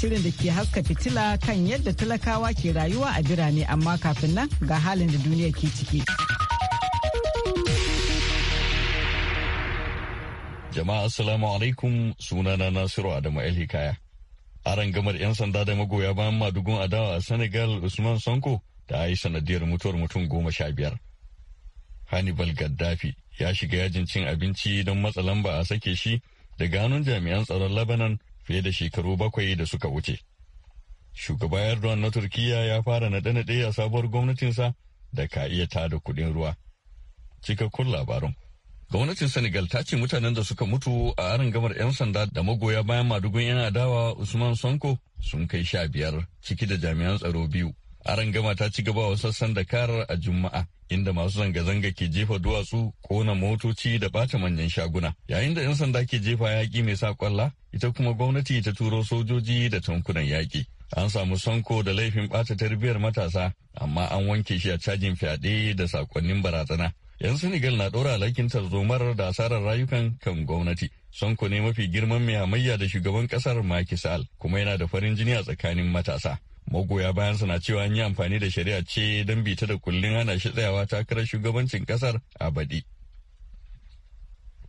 shirin da ke haska fitila kan yadda talakawa ke rayuwa a birane amma kafin nan ga halin da duniya ke ciki. Jama'a Assalamu alaikum sunana Nasiru Adamu El Hikaya. A gamar 'yan sanda da magoya bayan madugun adawa a Senegal Usman Sanko ta yi sanadiyar mutuwar mutum goma sha biyar. Hannibal Gaddafi ya shiga yajin cin abinci don matsa lamba a sake shi daga hannun jami'an tsaron Lebanon fiye da shekaru bakwai da suka wuce. Shugaba Erdogan na Turkiyya ya fara naɗe-naɗe a sabuwar gwamnatinsa da ka iya tada kuɗin ruwa. Cikakkun labarun. Gwamnatin Senegal ta ce mutanen da suka mutu a arin gamar 'yan sanda da magoya bayan madugun 'yan adawa Usman Sanko sun kai sha biyar ciki da jami'an tsaro biyu. Arangama ta ci gaba wa sassan Dakar a Juma'a, inda masu zanga-zanga ke jefa duwatsu, kona motoci da bata manyan shaguna. Yayin da 'yan sanda ke jefa yaƙi mai sa kwalla, ita kuma gwamnati ta turo sojoji da tankunan yaƙi. An samu sanko da laifin ɓata tarbiyyar matasa, amma an wanke shi a cajin fyaɗe da sakonnin barazana. 'Yan Senegal na ɗora alhakin tarzomar da asarar rayukan kan gwamnati. Sanko ne mafi girman mai hamayya da shugaban ƙasar makisal kuma yana da farin jini a tsakanin matasa. magoya bayansa na cewa an yi amfani da shari'a ce don bita da kullun hana shi tsayawa takarar shugabancin kasar a baɗi.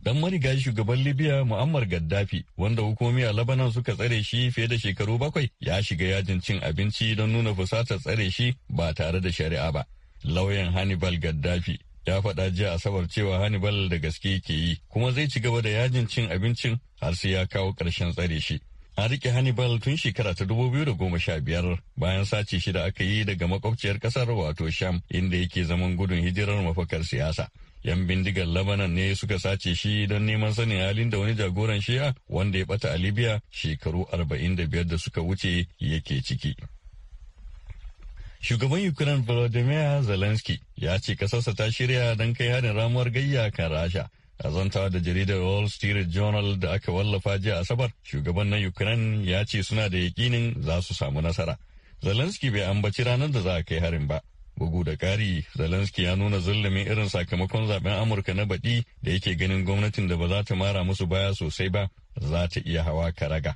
Dan mariga shugaban Libya Muammar Gaddafi wanda hukumi a Labanan suka tsare shi fiye da shekaru bakwai ya shiga yajin cin abinci don nuna fusatar tsare shi ba tare da shari'a ba. Lauyan Hannibal Gaddafi ya faɗa jiya asabar cewa Hannibal da gaske ke yi kuma zai ci gaba da yajin cin abincin har sai ya kawo ƙarshen tsare shi. An rike Hannibal tun shekara ta 2015 bayan sace shi da aka yi daga makwabciyar kasar wato Sham inda yake zaman gudun hijirar mafakar siyasa. Yan bindigar Lebanon ne suka sace shi don neman sanin halin da wani jagoran shiya wanda ya bata a Libya shekaru 45 da suka wuce yake ciki. Shugaban Ukraine Volodymyr Zelensky ya ce kasarsa ta shirya don kai harin ramuwar gayya kan Rasha. A zantawa da jaridar Wall Street Journal da aka wallafa jiya Asabar, shugaban na Ukraine ya ce suna da yakinin za su samu nasara. Zelensky bai ambaci ranar da za a kai harin ba. Bugu da ƙari, Zelensky ya nuna zullumin irin sakamakon zaben Amurka na baɗi da yake ganin gwamnatin da ba za ta mara musu baya sosai ba za ta iya hawa karaga.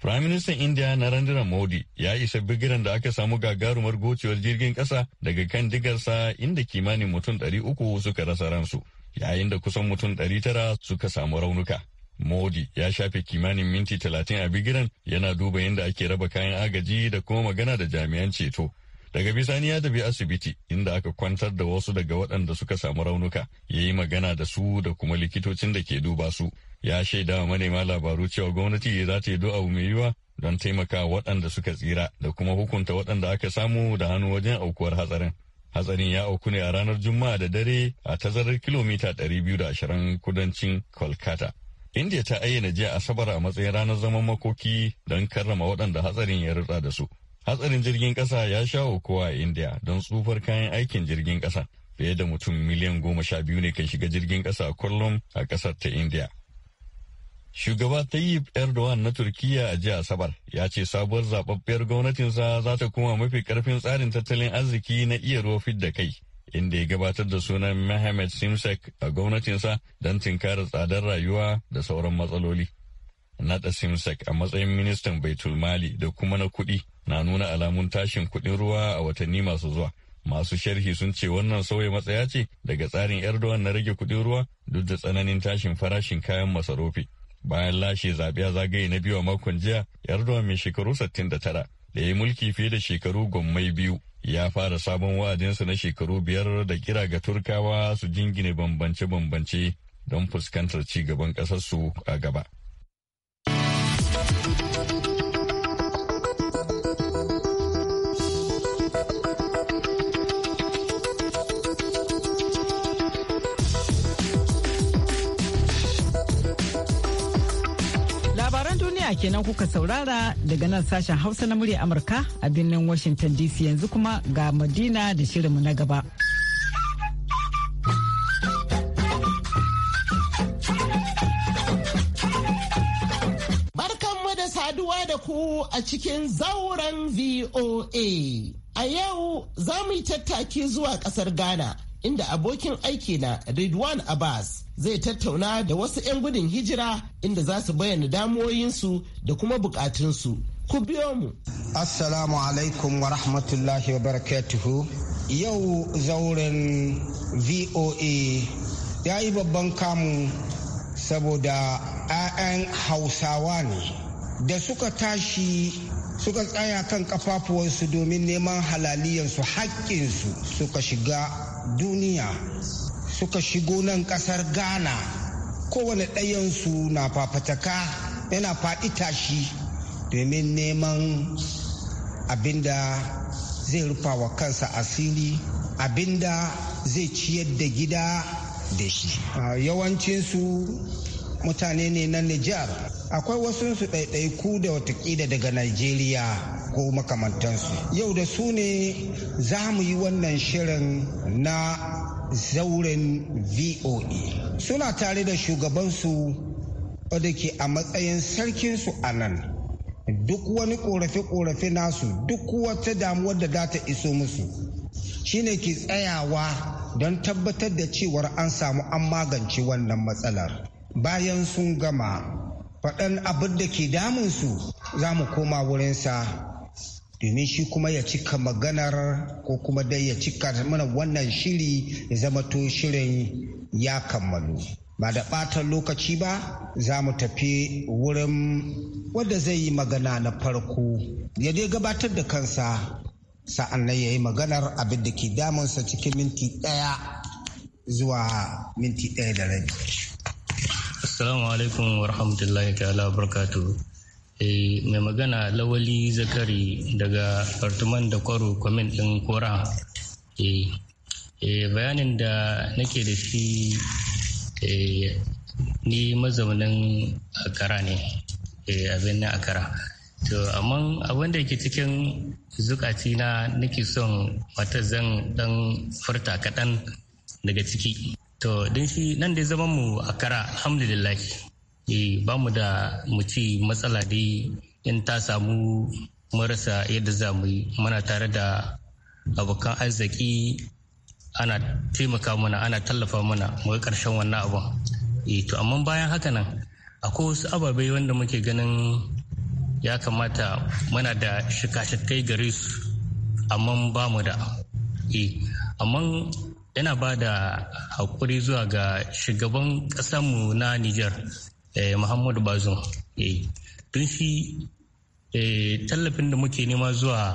Firaministan Indiya Narendra Modi ya isa bigiran da aka samu gagarumar gocewar jirgin kasa daga kan digarsa inda kimanin mutum 300 suka rasa ransu. yayin da kusan mutum 900 suka samu raunuka. Modi ya shafe kimanin minti talatin a bigiran yana duba yadda ake raba kayan agaji da kuma magana da jami'an ceto. Daga bisani ya tafi asibiti inda aka kwantar da wasu daga waɗanda suka samu raunuka ya yi magana da su da kuma likitocin da ke duba su. Ya shaida wa manema labaru cewa gwamnati za ta yi abu mai yiwa don taimaka waɗanda suka tsira da kuma hukunta waɗanda aka samu da hannu wajen aukuwar hatsarin. Hatsarin ya auku ne a ranar Juma'a da dare a tazarar kilomita 220 kudancin Kolkata. India ta ayyana jiya Asabar a matsayin ranar zaman makoki don karrama waɗanda hatsarin ya rutsa da su. Hatsarin jirgin ƙasa ya sha kowa a India don tsufar kayan aikin jirgin ƙasa. Fiye da mutum miliyan goma sha biyu ne kan shiga jirgin ƙasa kullum a ƙasar ta India. Shugaba Tayyip Erdogan na Turkiyya a jiya Asabar ya ce sabuwar zababbiyar gwamnatinsa za ta koma mafi karfin tsarin tattalin arziki na iya ruwa da kai. inda ya gabatar da sunan Mohamed Simsek a gwamnatinsa don tinkara tsadar rayuwa da sauran matsaloli. Nada Simsek a matsayin ministan Baitul Mali da kuma na kuɗi na nuna alamun tashin kuɗin ruwa a watanni masu zuwa. Masu sharhi sun ce wannan sauya matsaya ce daga tsarin Erdogan na rage kuɗin ruwa duk da tsananin tashin farashin kayan masarufi. bayan lashe zaɓe a zagaye na biyu a makon jiya yardawa mai shekaru 69 da ya mulki fiye da shekaru gwammai biyu ya fara sabon wa'adinsa na shekaru biyar da kira ga turkawa su jingine bambance-bambance don fuskantar ci gaban ƙasarsu a gaba. kenan kuka saurara daga nan sashen Hausa na murya Amurka a birnin Washington DC yanzu kuma ga Madina da shirinmu na gaba. Barkanmu da saduwa da ku a cikin zauren VOA. A yau za mu yi tattaki zuwa kasar Ghana inda abokin aiki na Ridwan Abbas zai tattauna da wasu 'yan gudun hijira inda za su bayyana damuwoyinsu da kuma bukatunsu. Ku biyo mu. Assalamu alaikum wa rahmatullahi wa barakatuhu. Yau zauren VOA ya yi babban kamu saboda 'ya'yan hausawa ne da suka tashi suka tsaya kan kafafuwansu domin neman halaliyansu haƙƙinsu suka shiga duniya suka shigo nan kasar ghana kowane ɗayansu na fafataka yana faɗi tashi domin neman abinda zai rufa wa kansa asiri abinda zai ciyar da gida da shi yawancinsu mutane ne na nijar akwai wasu su ɗaiɗaiku da watakila daga najeriya ko makamantansu yau da su ne za mu yi wannan shirin na zauren VOA. Suna tare da shugabansu da ke a matsayin sarkinsu a nan. Duk wani ƙorafe korafe nasu duk wata damuwar da za ta iso musu. Shine ke tsayawa don tabbatar da cewar an samu an magance wannan matsalar. Bayan sun gama faɗan abin da ke damunsu za mu koma wurinsa domin shi kuma ya cika maganar ko kuma dai ya cika mana wannan shiri ya zama to shirin ya kammalu ba da ɓatan lokaci ba za mu tafi wurin wanda zai yi magana na farko ya dai gabatar da kansa sa'an nan ya yi maganar abin da ke damunsa cikin minti ɗaya zuwa minti ɗaya da rabi. Assalamu alaikum wa rahmatullahi ta'ala barakatuhu. Eh, mai magana lawali zakari daga fartuman da kwaro kwamin ɗin kora eh, eh, bayanin da nake da shi ni mazaunin akara ne abin na akara to amma abin da ke cikin zukaci na nake son wata zan dan furta kaɗan daga ciki to din shi nan da zaman mu akara alhamdulillah Eh, ba mu da mu ci matsala dai in ta samu marasa yadda za mu yi muna tare da abokan arziki ana taimaka mana ana tallafa mana mu karshen wannan abun eh, to amma bayan haka nan akwai wasu ababai wanda muke ganin ya kamata muna da shikashikai gare su amma ba mu da eh, amma yana ba da haƙuri zuwa ga shugaban ƙasarmu na Nijar Eh, muhammadu bazum ya yi don shi eh, tallafin da muke nema zuwa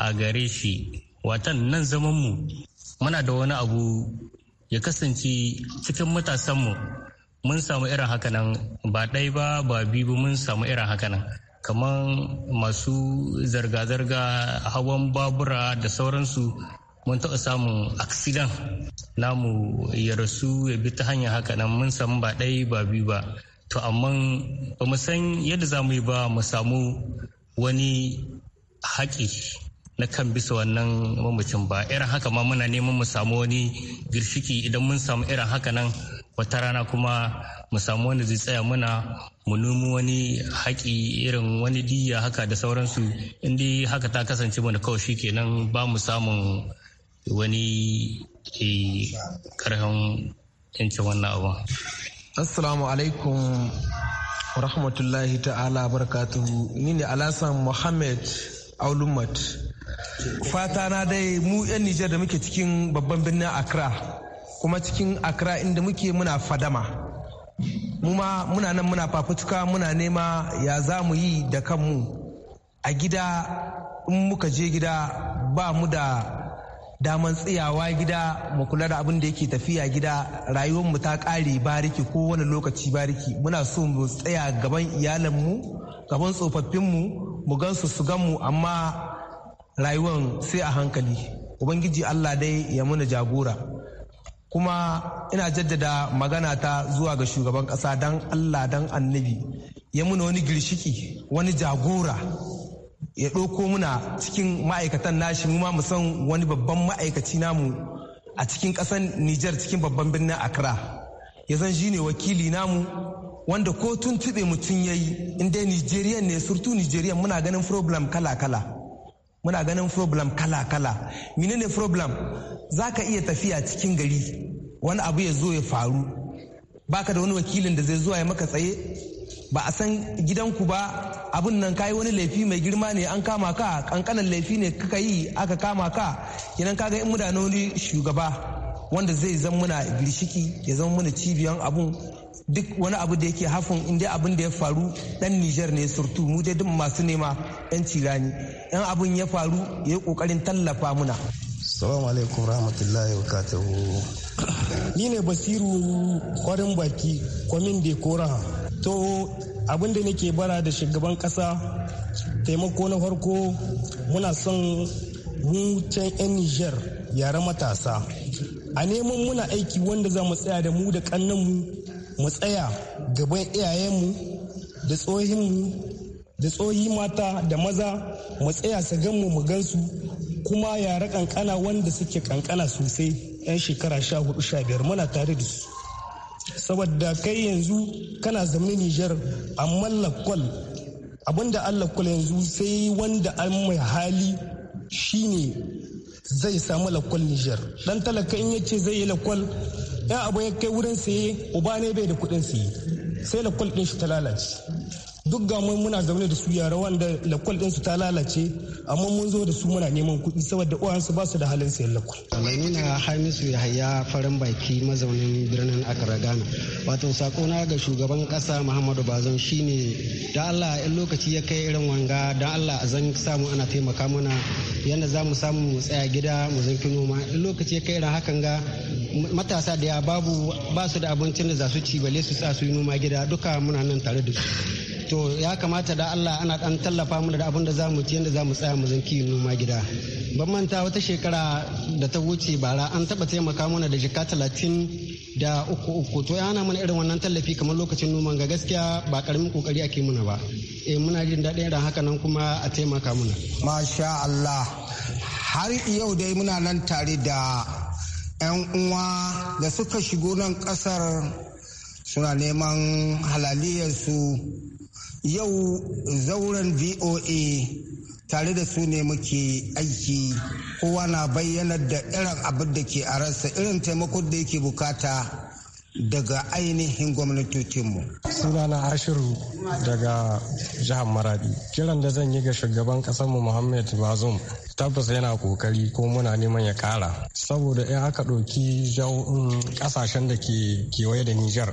a gare shi watan nan zamanmu muna da wani abu ya kasance cikin matasanmu mun samu irin hakanan ba ɗai ba ba biyu mun samu irin hakanan kamar masu zarga-zarga hawan babura da sauransu mun taɓa samun aksidan namu ya rasu ya bi ta hanyar haka nan mun samu ba ɗai ba biyu ba to amma ba mu san yadda za mu yi ba mu samu wani haƙi na kan bisa wannan mamacin ba irin haka ma muna neman mu samu wani girshiki idan mun samu irin haka nan wata rana kuma mu samu wani zai tsaya muna mu nemi wani haƙi irin wani diya haka da sauransu inda haka ta kasance mana kawai shi kenan ba mu samun wani eh, karhan yanke wannan abun. Assalamu alaikum rahmatullahi ta'ala barakatuhu ni ne Alasan Muhammad Aulumat. Fata na dai mu 'yan Nijar da muke cikin babban birnin Accra kuma cikin Accra inda muke muna fadama. Muma muna nan muna fafutuka muna nema ya za mu yi da kanmu a gida in muka je gida ba mu da daman tsayawa gida mu kula da abin da yake tafiya gida rayuwar mu ta kare bariki ko wani lokaci bariki muna so mu tsaya gaban iyalan mu gaban tsofaffin mu mu gansu su gan amma rayuwar sai a hankali ubangiji Allah dai ya muna jagora kuma ina jaddada magana ta zuwa ga shugaban kasa dan Allah dan annabi ya muna wani girshiki wani jagora ya ɗauko muna cikin ma'aikatan nashi mu ma mu san wani babban ma'aikaci namu a cikin ƙasar Nijar cikin babban birnin Accra ya zan shi ne wakili namu wanda ko tun tube mutum ya yi dai Nijeriya ne surtu Nijeriya muna ganin problem kala-kala muna ganin problem kala-kala menene problem za ka iya tafiya cikin gari wani abu ya zo ya faru baka da wani wakilin da zai zuwa ya maka tsaye ba a san gidanku ba abin nan kayi wani laifi mai girma ne an kama ka kankanan laifi ne kaka yi aka kama ka ka kaga in muna wani shugaba wanda zai zan muna girshiki ya zama muna cibiyan abun duk wani abu da yake hafin inda abin da ya faru dan Nijar ne surtu mu dai duk masu nema yan cirani yan abin ya faru ya yi kokarin tallafa muna salamu alaikum rahmatullahi wa ni ne basiru kwarin baki kwamin dekora to abin da nake bara da shugaban kasa taimako na farko muna son mu can 'yan niger yaren matasa a neman muna aiki wanda za mu tsaya da mu da kannanmu mu tsaya gaban iyayenmu da tsohinmu da tsohi mata da maza mu tsaya su ganmu mu gansu kuma yara kankana wanda suke kankana sosai 'yan shekara sha biyar muna tare da su saboda kai yanzu kana zamani nijar amma lakwal abinda an lakwal yanzu sai wanda an mai hali shine zai samu lakwal nijar dan talaka in yace zai yi lakwal ya abu ya kai wurin saye uba ne bai da kuɗin saye sai lakwal din shi ta lalace duk ga mun muna zaune da su yara wanda lakwal su ta lalace amma mun zo da su muna neman kuɗi saboda uwansu ba su da halin sayan lakwal. mai nuna hamisu yahaya farin baki mazaunin birnin akara ghana wato sakona ga shugaban kasa muhammadu bazon shine da allah in lokaci ya kai irin wanga da allah a zan samu ana taimaka mana yadda za mu samu mu tsaya gida mu zanki noma in lokaci ya kai irin hakan ga matasa da ya babu ba su da abincin da za su ci bale su sa su yi noma gida duka muna nan tare da su to ya kamata da Allah ana dan tallafa mana da abin da za mu ci yadda za mu tsaya mu zanki noma gida ban manta wata shekara da ta wuce bara an taba taimaka mana da jika talatin da uku uku to ya hana mana irin wannan tallafi kamar lokacin noman ga gaskiya ba karamin kokari ake muna ba eh muna jin daɗin irin haka nan kuma a taimaka muna masha Allah har yau dai muna nan tare da 'yan uwa da suka shigo nan kasar suna neman halaliyarsu yau zauren voa tare da su ne muke aiki kowa na bayyanar da irin abin da ke a rasa irin taimakon da yake bukata daga ainihin gwamnatocinmu. sunana ashiru daga jihar maradi kiran da zan yi ga shugaban mu muhammad bazum tabbas yana kokari ko muna neman ya kara saboda in aka ɗauki ƙasashen da ke kewaye da nijar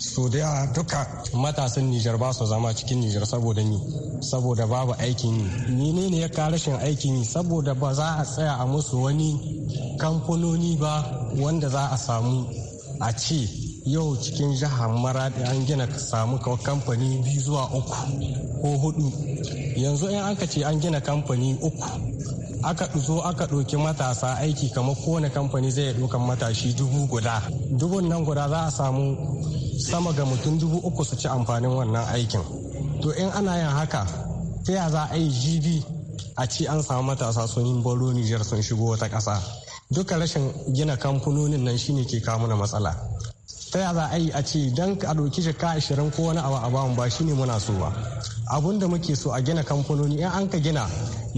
su da duka matasan Nijar ba su zama cikin Nijar saboda ni saboda babu aikin yi ne ya ka rashin aikin yi saboda ba za a tsaya a musu wani kamfanoni ba wanda za a samu a ce yau cikin jihar maradi an gina samu kamfani biyu zuwa uku ko hudu yanzu in an ce an gina kamfani uku aka zo aka ɗauki matasa aiki kamar kowane kamfani zai ɗaukan matashi dubu guda dubun nan guda za a samu sama ga mutum dubu uku su ci amfanin wannan aikin to in ana yin haka ta ya za a yi jibi a ci an samu matasa sun yi baro nijar sun shigo wata ƙasa duka rashin gina kamfanonin nan shine ke kawo mana matsala ta ya za a yi a ce don a ɗauki jaka ashirin ko wani abu a bamu ba shine muna so ba abun da muke so a gina kamfanoni in an ka gina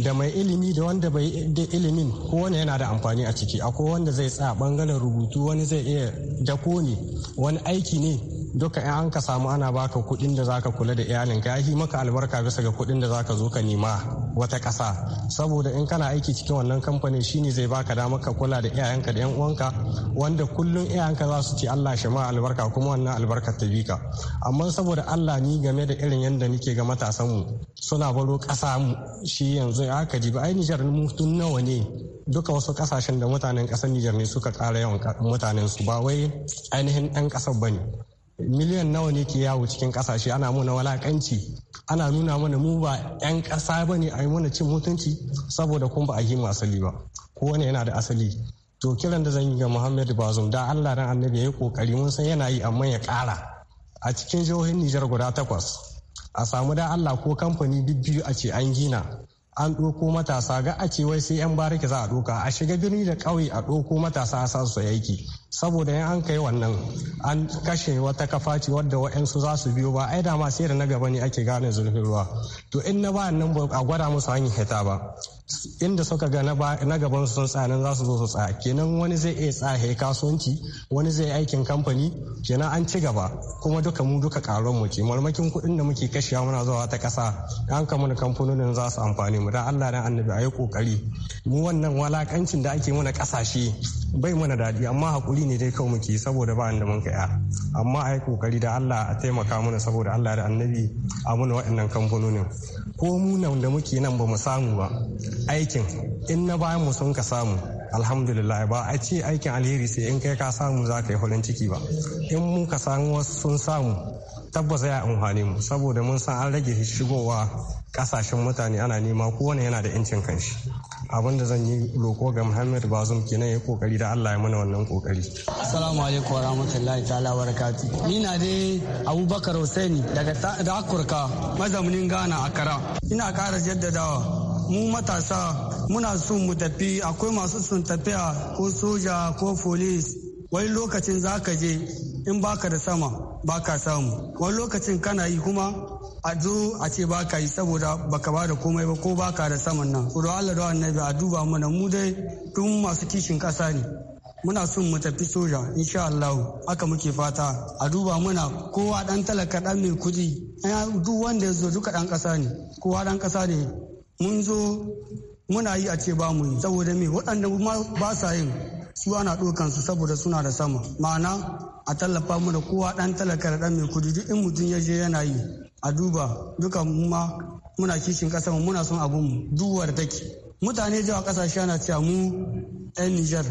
da mai ilimi da wanda bai da ilimin ko wani yana da amfani a ciki akwai wanda zai tsaya bangaren rubutu wani zai iya dako ne wani aiki ne duka in an ka samu ana baka kuɗin da zaka kula da iyalin ka yi maka albarka bisa ga kuɗin da zaka zo ka nema wata kasa saboda in kana aiki cikin wannan kamfanin shine zai baka dama ka kula da iyayenka da yan uwanka wanda kullum iyayenka za su ce Allah shi ma albarka kuma wannan albarkar ta bika amma saboda Allah ni game da irin yanda nake ga matasan mu suna baro kasa mu shi yanzu aka ji ba ai Nijar tun nawa ne duka wasu kasashen da mutanen kasar Nijar ne suka kara yawan mutanen su ba wai ainihin ɗan kasar bane miliyan nawa ne ke yawo cikin kasashe ana muna walakanci ana nuna mana mu ba 'yan ƙasa ba ne a yi mana cin mutunci saboda kun ba a yi asali ba Ko wani yana da asali to kiran da zan yi ga muhammad bazum da allah dan annabi ya yi kokari mun san yana yi amma ya kara a cikin jihohin nijar guda takwas a samu da allah ko kamfani biyu a ce an gina an ɗauko matasa ga a ce wai sai 'yan bariki za a ɗauka a shiga birni da ƙauye a ɗauko matasa a sa su aiki saboda yan an kai wannan an kashe wata kafa ce wadda wa'yansu za su biyo ba ai da ma sai da na gaba ne ake gane zurfin ruwa to in na ba nan ba a gwada musu hanyi hita ba inda suka ga na gaban sun tsanan za su zo su tsaya kenan wani zai iya tsaye kasuwanci wani zai yi aikin kamfani kenan an ci gaba kuma duka mu duka karon mu ke marmakin kuɗin da muke kashewa muna zuwa ta ƙasa an kama da kamfanonin za su amfani mu dan Allah dan annabi ayi kokari mu wannan walakancin da ake mana ƙasashe bai mana daɗi amma hakuri kuɗi ne dai kawai muke saboda ba da mun kaya amma a yi kokari da Allah a taimaka mana saboda Allah da annabi a muna waɗannan kamfanonin ko mu nan da muke nan ba mu samu ba aikin in na bayan mu sun ka samu alhamdulillah ba a ce aikin alheri sai in kai ka samu za ka yi farin ciki ba in mun ka samu wasu sun samu tabbas ya amfani mu saboda mun san an rage shigowa kasashen mutane ana nema kowane yana da 'yancin kanshi abin da zan yi roko ga muhammad bazum kenan ya kokari da allah ya mana wannan kokari assalamu alaikum wa ta ta'ala kati. ni na dai abubakar hussaini daga da akurka mazaunin ghana akara ina kara jaddadawa mu matasa muna so mu tafi akwai masu sun tafiya ko soja ko folis wani lokacin za ka je in baka da sama baka samu wani lokacin kana yi kuma a zo a ce ba ka yi saboda baka ba da komai ba ko ba ka da saman nan ku Allah da annabi a duba mana mu dai tun masu kishin kasa ne muna son mu tafi soja insha Allah haka muke fata a duba mana kowa dan talaka dan mai kuɗi duk wanda ya zo duka dan kasa ne kowa dan kasa ne mun zo muna yi a ce ba mu yi saboda me waɗanda ba sa yin su ana ɗaukan su saboda suna da sama ma'ana a tallafa mana kowa ɗan talaka da ɗan mai kudi duk in mutum ya je yana yi a duba duka ma muna kishin kasar muna son abun duwar take mutane zuwa kasashe ana cewa mu 'yan Nijar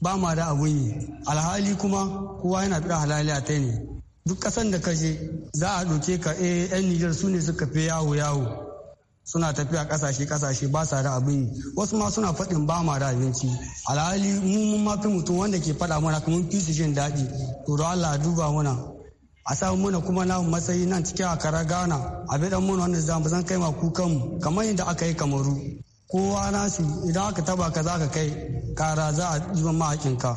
ba ma da abun yi alhali kuma kowa yana fira halaliya ta ne duk kasan da kashe za a doke ka eh 'yan Nijar su ne suka fi yawo yawo suna tafiya kasashe kasashe ba sa da abin yi wasu ma suna faɗin ba ma da abinci alhali mu mun mafi mutum wanda ke faɗa mana kuma fi su jin daɗi to Allah duba mana a samu muna kuma na matsayi nan cikin akara ghana a bidan muna wanda zamu zan kai ma kukan mu kamar yadda aka yi kamaru kowa nasu idan aka taba ka za ka kai kara za a yi ma hakinka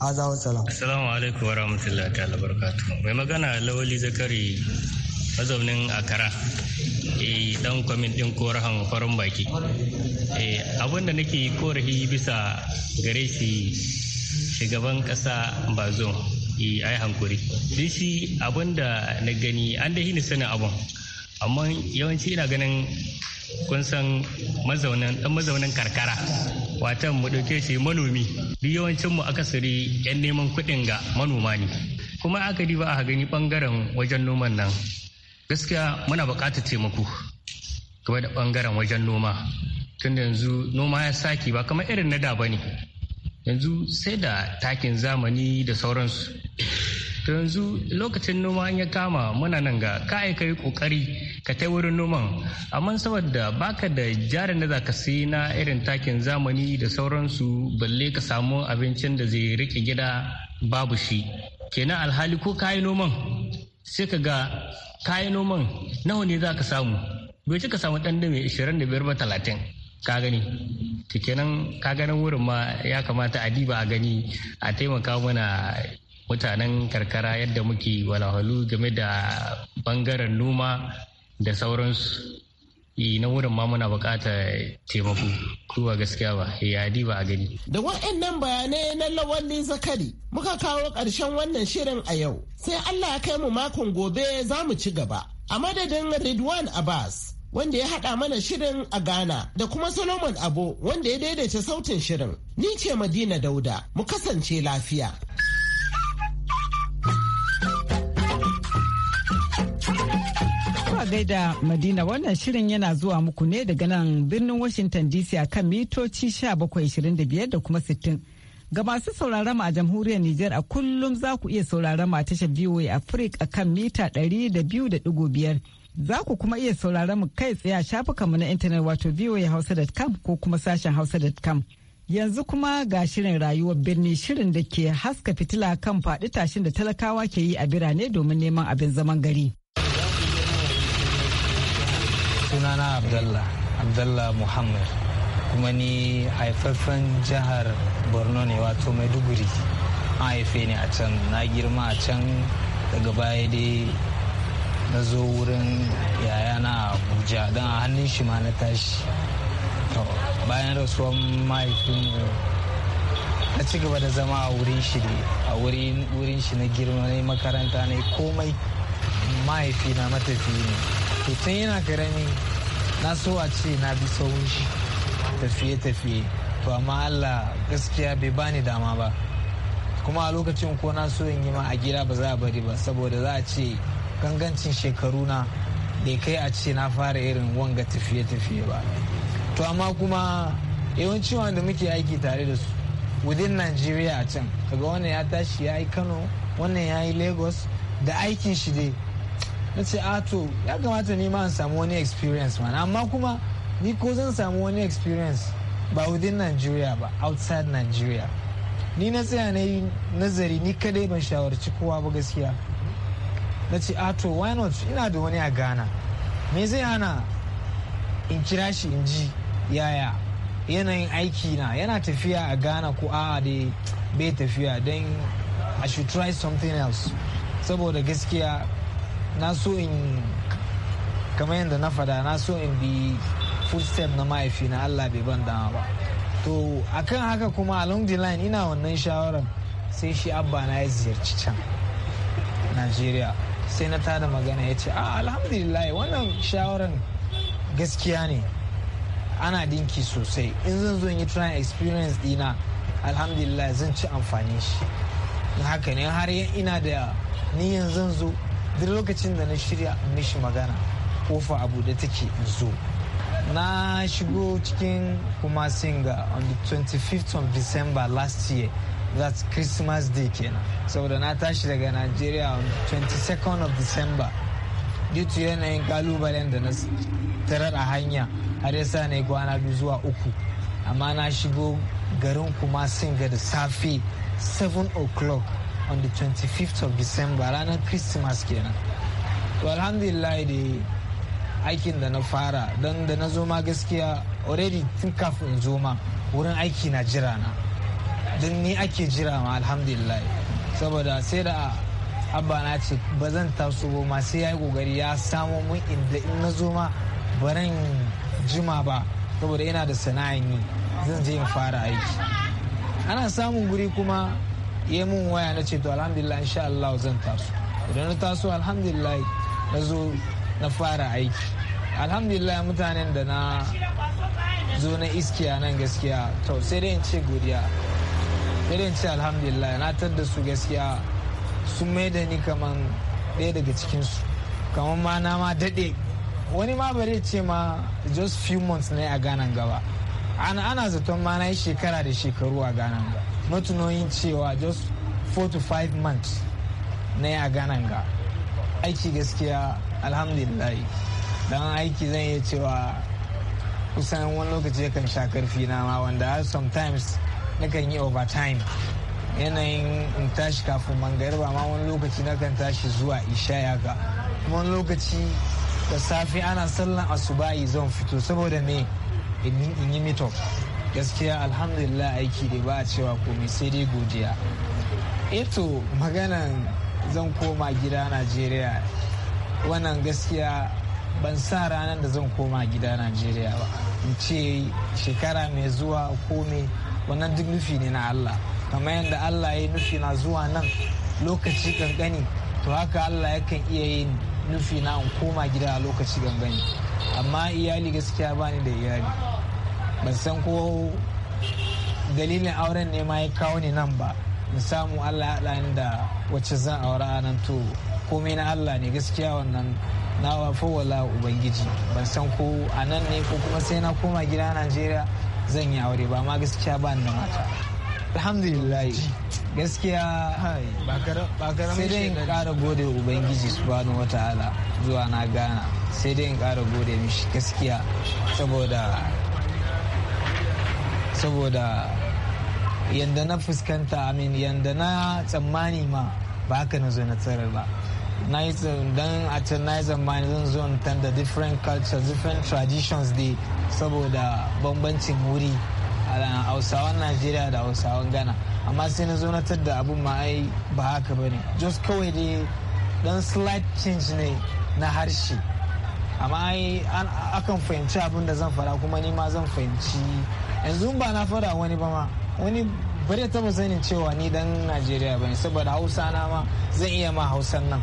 wa salam assalamu alaikum wa rahmatullahi ta'ala barakatuh mai magana lawali zakari mazaunin akara eh, dan kwamin din korahan farin baki eh, abin da nake korafi bisa gare shi shugaban kasa bazon. Eh, a yi hankuri dai shi abin da na gani an da hini sanin abin amma yawanci ina ganin kun san mazaunan mazaunan karkara watan mu ɗauke shi manomi duk yawancin mu akasari yan neman kuɗin ga manoma ne kuma aka ba a gani bangaren wajen noman nan gaskiya muna buƙatar taimako game da bangaren wajen noma tun yanzu noma ya saki ba kamar irin na da ba ne. yanzu sai da takin zamani da sauransu to yanzu lokacin noma ya kama muna nan ga ka aika kokari ka tai wurin noman amma saboda baka da jarin da zaka sai na irin takin zamani da sauransu balle ka samu abincin da zai rike gida babu shi kenan alhali ko kayi noman sai ka ga kayi noman nawa ne zaka samu bai ka samu ɗan da mai 25 ba talatin. ka gani kenan ka ganin wurin ma ya kamata a diba a gani a taimaka mana mutanen karkara yadda muke walwalu game da bangaren noma da sauransu e, na wurin ma muna bukatar taimako kuwa gaskiya ba ya diba a gani. Da waɗannan bayanai na lawalli zakari muka kawo ƙarshen wannan shirin a yau sai Allah ya kai mu makon gobe za mu ci gaba. A madadin Ridwan Abbas wanda ya haɗa mana shirin a Ghana da kuma Solomon Abo wanda ya daidaita sautin shirin. Ni ce Madina Dauda, mu kasance lafiya. gaida Madina wannan shirin yana zuwa muku ne daga nan birnin Washington DC a kan mitoci 1725 da kuma sittin Ga masu sauraron a jamhuriyar Nijar a kullum za ku iya sauraron a tashar VOA Africa a kan mita 200.5. Za ku kuma iya sauraron mu kai tsaye a shafukanmu na intanet wato voahausa.com ko kuma sashen hausa.com. Yanzu kuma ga shirin rayuwar birni shirin da ke haska fitila kan faɗi tashin da talakawa ke yi a birane domin neman abin zaman gari. Sunana Abdallah, Abdallah Muhammad, kuma ni haifaffen jihar Borno ne wato Maiduguri. An haife ni a can, na girma a can daga baya dai na zo wurin yayana a abuja don a hannun shi ma na tashi bayan rasuwan mahaifin na ci gaba da zama a wurin shi ne a wurin shi na girma ne makaranta ne komai mahaifi na matafi ne to tun yana karami na so a ce na bi sauran shi tafiye-tafiye to amma allah gaskiya bai bani dama ba kuma a lokacin ko na so in yi ma a gida ba za a bari ba saboda za a ce gangancin shekaru na bai kai a ce na fara irin wanga tafiye-tafiye ba to amma kuma yawanci wanda muke aiki tare da su within nigeria a can kaga wannan ya tashi ya yi kano wannan ya yi lagos da aikin shi dai na ce ah, to ya kamata ni ma in samu wani experience mana amma kuma ni ko zan samu wani experience ba within nigeria ba outside nigeria ni na tsaya na yi nazari ni kadai ban shawarci kowa ba gaskiya na ce ato ah, why not ina da wani a ghana me zai hana in kira shi in ji yaya yanayin aiki na yana tafiya a ghana ko a'a da bai tafiya don i should try something else saboda gaskiya na so in kamar yadda na fada na so in bi footstep na mahaifi na allah bai ban dama ba to akan haka kuma along the line ina wannan shawarar sai shi abba na ya ziyarci can nigeria. sai na tada magana ya ce a ah, alhamdulillah wannan shawaran gaskiya ne ana dinki sosai in zan zo yi trying experience dina alhamdulillah zan ci amfani shi haka ne har ina da niyan zan zo duk lokacin da na shirya mishi magana kofa abu da take in zo na shigo cikin kuma singa on the 25th of december last year that's christmas day kenan saboda na tashi daga nigeria on 22nd of december due to yanayin kalubalen da na tarar a hanya har yasa na yi kwana biyu zuwa uku amma na shigo garin kuma singa da safe 7 o'clock on the 25th of december ranar christmas kenan to alhamdulillah da aikin da na fara don da na zo ma gaskiya already tun kafin in zo ma wurin aiki na jira na don ni ake jira ma alhamdulillah saboda sai da abba na ce ba zan taso ba ma sai ya yi kokari ya samo mun inda in na zo ma baran jima ba saboda yana da sana'an yi zan je in fara aiki ana samun guri kuma ya mun waya na ce to alhamdulillah insha Allah zan taso idan na taso alhamdulillah na zo na fara aiki alhamdulillah mutanen da na zo na iskiya nan gaskiya to sai dai in ce godiya irin ce alhamdulillah na tadda su gaskiya sun mai da ni kaman ɗaya daga cikinsu kaman ma na ma daɗe wani ma bare ce ma just few months ne a ganan gaba ana ana zaton ma na yi shekara da shekaru a ganan ga matunoyin cewa just four to five months yi a ganan ga aiki gaskiya alhamdulillah don aiki zan iya cewa kusan wani lokaci yakan sha karfi na ma wanda sometimes nakan yi overtime yanayin in tashi kafin mangariba ma wani lokaci nakan tashi zuwa isha ga kuma wani lokaci da safe ana sallan asubahi zan fito saboda me in yi mito gaskiya alhamdulillah aiki da ba a cewa komai sai dai godiya eto eh maganan zan koma gida najeriya wannan gaskiya ban sa ranar da zan koma gida najeriya ba in ce shekara mai zuwa ko me wannan duk nufi ne na Allah kamar yadda Allah ya nufi na zuwa nan lokaci kankani to haka Allah yakan iya yin nufi na in koma gida a lokaci gangani amma iyali gaskiya ba ni da iyali ban san ko dalilin auren ne ma ya kawo ni nan ba in samu allah ya ni da wacce zan aura a nan to komai na allah ne gaskiya wannan na wafa wala ubangiji ban san ko a nan ne ko kuma sai na koma gida a najeriya zan yi aure ba ma gaskiya ba da mata alhamdulillah gaskiya sai dai in kara gode ubangiji subhanahu wataala zuwa na gana sai dai in kara gode mishi gaskiya saboda saboda yadda na fuskanta amin yadda na tsammani ma ba haka na zo na tsarar ba na yi don a can na yi zamani zan zo tan da different cultures different traditions dai saboda bambancin wuri a hausawan najeriya da hausawan ghana amma sai na zo na abun ma ai ba haka bane just kawai dai dan slight change ne na harshe amma ai akan fahimci abin da zan fara kuma ni ma zan fahimci yanzu ba na fara wani ba ma wani bari taba sanin cewa ni dan najeriya bane saboda hausa na ma zan iya ma hausan nan